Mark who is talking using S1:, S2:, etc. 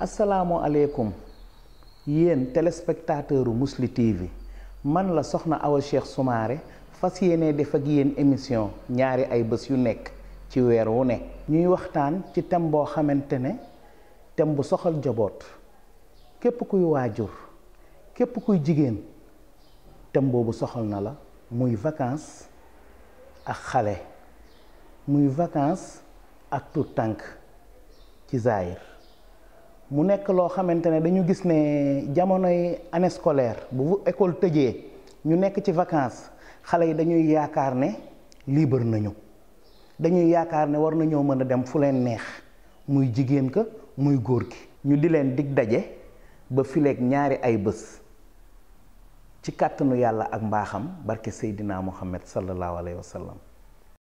S1: asalaamualeykum yéen téléspectateur u Mously TV man la soxna Awa Cheikh Soumaré fas yéene def ak yéen émission ñaari ay bés yu nekk ci weer wu ne ñuy waxtaan ci tem boo xamante ne tem bu soxal njaboot képp kuy waajur képp kuy jigéen thème boobu soxal na la muy vacances ak xale muy vacances ak tout tànk ci zaayir mu nekk loo xamante ne dañu gis ne jamonoy année scolaire bu école tëjee ñu nekk ci vacance xale yi dañuy yaakaar ne libre nañu dañuy yaakaar ne war nañoo mën a dem fu leen neex muy jigéen ka muy góor gi ñu di leen dig daje ba fileeg ñaari ay bés ci kàttanu yàlla ak mbaaxam barke Seydina Muhammad sallallahu alayhi wa